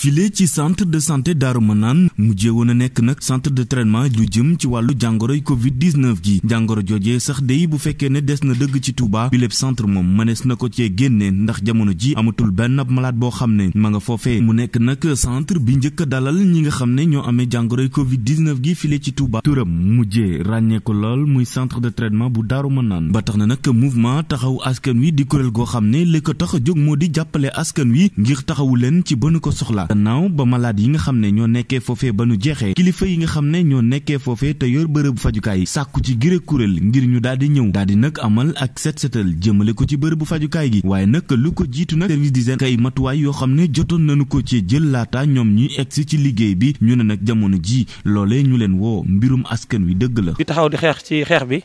file ci centre de santé Daaru Manaan mujjee woon a nekk nag centre de traitement lu jëm ci wàllu jàngoroy Covid 19 gi jàngoro joojee sax dey bu fekkee ne des na dëgg ci Touba bi lépp centre moom mënees na ko cee génnee ndax jamono ji amatul benn ab malade boo xam ne ma nga foofee mu nekk nag centre bi njëkk dalal ñi nga xam ne ñoo amee jàngoroy Covid 19 gi file ci Touba turam mujjee ràññee lool muy centre de traitement bu Daaru Manaan ba tax na nag mouvement taxaw askan wi di kuréel goo xam ne li ko tax a jóg moo di jàppale askan wi ngir taxawu leen ci bënu ko soxla gannaaw ba malade yi nga xam ne ñoo nekkee foofee ba nu jeexee kilifa yi nga xam ne ñoo nekkee foofe te yor bërëbu fajukaay sàkku ci gire kuréel ngir ñu daal di ñëw daal di nag amal ak set setal jëmale ko ci bërëbu fajukaay gi waaye nag lu ko jiitu nag service d'hygiène kay matuwaay yoo xam ne jotoon nañu ko ci jël laata ñoom ñuy egsi ci liggéey bi ñu ne nag jamono ji loole ñu leen woo mbirum askan wi dëgg la. di taxaw di xeex ci xeex bi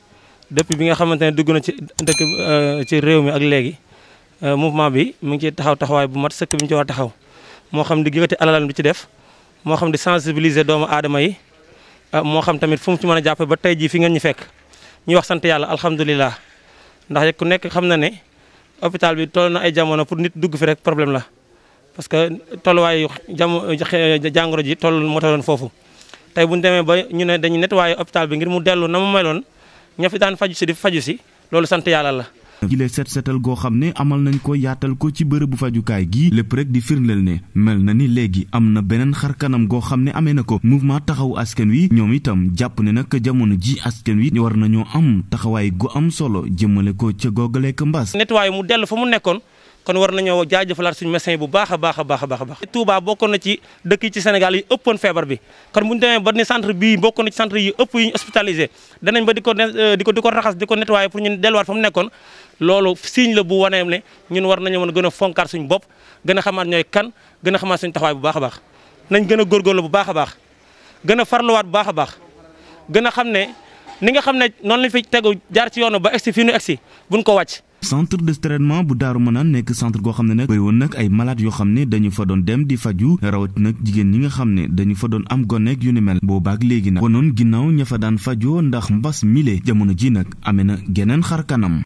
dëpp bi nga xamante ne dugg na ci dëkk euh, ci réew mi ak léegi euh, mouvement bi mu ngi ci taxaw taxawaay bu mat sëkk bi ñu taxaw moo xam di yëkkati alalam di ci def moo xam di sensibiliser doomu aadama yi ah, moo xam tamit fu mu ci mën a jàppe ba tey jii fi nga ñu fekk ñuy wax sant yàlla alhamdulilah ndax ku nekk xam na ne hôpital bi toll na ay jamono pour nit dugg fi rek problème la parce que tolluwaayu jam jàngoro ji toll moo tolloon foofu tey bu ñu demee ba ñu ne dañu nettoyé hôpital bi ngir mu dellu na mu meloon ña fi daan faju si di faju si loolu sant yàlla la gi lay set goo xam ne amal nañ ko yaatal ko ci bërëbu fajukaay gi lépp rek di firndeel ne mel na ni léegi am na beneen xar kanam goo xam ne amee na ko mouvement taxawu askan wi ñoom itam jàpp ne nag jamono ji askan wi war nañoo am taxawaay gu am solo jëmmale ko ca google ka mbaas nettoyé mu dellu fa mu nekkoon kon war nañoo jaajëfalaat suñu médecin bu baax a baax a baax a baax. Touba bokkoon na ci dëkk yi ci Sénégal yi ëppoon feebar bi kon bu ñu demee ba ni centre bii bokkoon na ci centre yi ëpp yi ñu hospitalisé danañ ba di ko euh, di ko di ko raxas di ko nettoyé pour ñu delluwaat fa mu nekkoon. loolu signe la bu waneem ne ñun war nañoo mën a gën a fonkaat suñu bopp gën a xamaat ñooy kan gën a xamaat suñu taxawaay bu baax a baax nañ gën a góorgóorlu bu baax a baax gën a farluwaat bu baax a baax gën a xam ne ni nga xam ne noonu lañ fi tegu jaar ci yoonu ba egsi fii nu egsi buñ ko wàcc centre de traitement bu daaru manaan nekk centre goo xam ne nag bëri woon nag ay malade yoo xam ne dañu fa doon dem di faju rawat nag jigéen ñi nga xam ne dañu fa doon am goneeg yu ni mel boobaak léegi nag wanoon ginnaaw ña fa daan fajoo ndax mbas milee jamono ji nag amee na geneen xar kanam